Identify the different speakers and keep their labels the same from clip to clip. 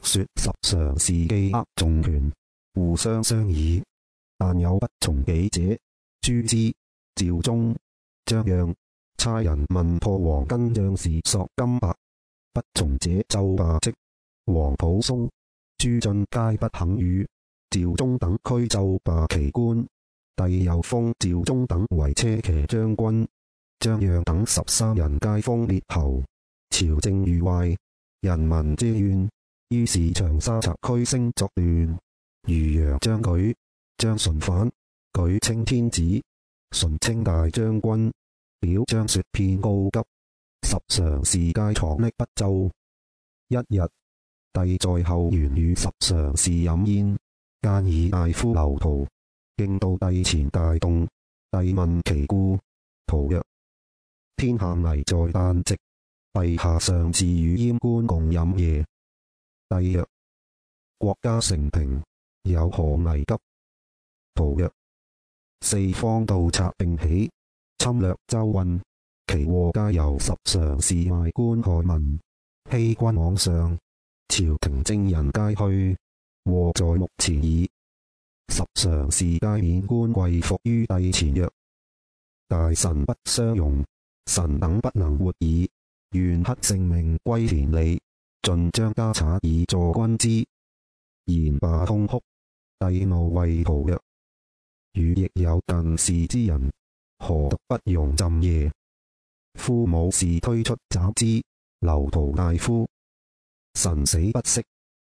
Speaker 1: 卻說十常侍既握重權，互相商議，但有不從己者，誅之。趙忠、張讓差人問破黃巾將士，索金帛，不從者奏罷職。皇甫嵩、朱雋皆不肯與，趙忠等俱奏罷其官。帝又封趙忠等為車騎將軍，張讓等十三人皆封列侯。朝政愈壞，人民嗟怨。於是長沙賊區星作亂，漁陽張舉、張純反，舉稱天子，純稱大將軍。表章雪片告急，十常侍皆藏匿不奏。一日，帝在後園與十常侍飲宴，諫議大夫劉陶，逕到帝前大慟。帝問其故，陶曰：天下危在旦夕，陛下尚自與閹官共飲耶！帝曰：國家承平，有何危急？陶曰：四方盜賊並起，侵掠州郡，其禍皆由十常侍賣官害民，欺君罔上，朝廷正人皆去，禍在目前矣。十常侍皆免冠，跪伏於帝前曰：大臣不相容，臣等不能活矣，願乞性命歸田里。盡將家產以助軍資，言罷痛哭，帝怒謂陶曰。汝亦有近侍之人，何獨不容朕耶？呼武士推出斬之，劉陶大呼。臣死不惜，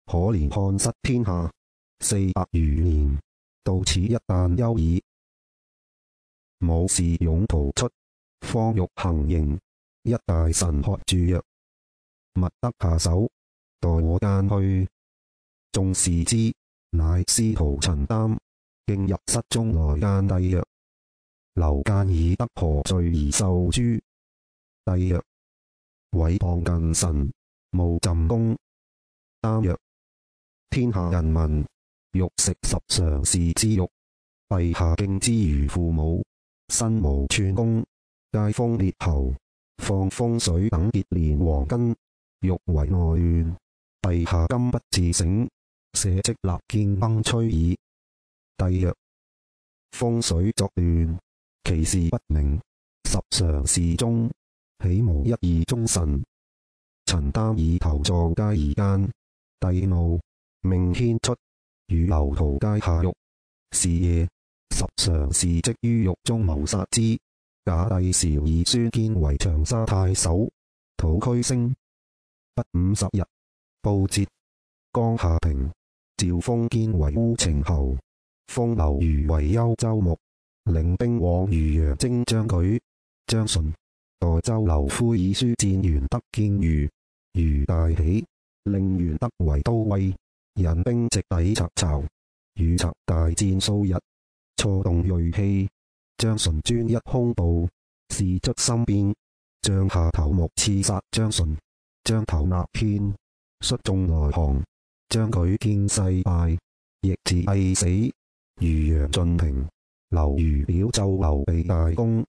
Speaker 1: 可憐漢室天下四百餘年，到此一旦休矣。武士擁陶出，方欲行刑，一大臣喝住曰。勿得下手，待我諫去。眾視之，乃司徒陳耽，徑入室中，來諫帝曰：劉諫議得何罪而受誅？帝曰：毀謗近臣，冒朕躬。耽曰：天下人民欲食十常侍之肉，陛下敬之如父母，身無寸功，皆封列侯，況封諝等結連黃巾。欲為內亂，陛下今不自省，社稷立見崩摧矣。帝曰：風水作亂，其事不明。十常侍中，豈無一二忠臣？陳耽以頭撞階而諫。帝怒，命牽出，與劉陶皆下獄。是夜，十常侍即於獄中謀殺之。假帝韶以孫堅為長沙太守，討區星。不五十日，報捷，江夏平，詔封堅為烏程侯，封劉虞為幽州牧，領兵往漁陽征張舉、張純。代州劉恢以書薦玄德見虞，虞大喜，令玄德為都尉，引兵直抵賊巢，與賊大戰數日，挫動銳氣，張純專一兇暴，士卒心變，帳下頭目刺殺張純。將頭壓偏，率眾來降，將佢見勢敗，亦自畏死。如楊俊平、劉如表就劉備大功，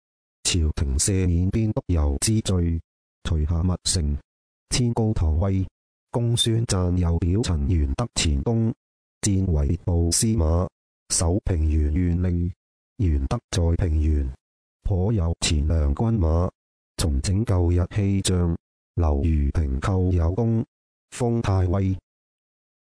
Speaker 1: 朝廷赦免邊督游之罪，除下密城，天高頭尉。公孫瓚又表陳元德前功，戰為別部司馬，守平原，原令，願令元德在平原，可有前糧軍馬，重整舊日氣象。劉虞平寇有功，封太尉。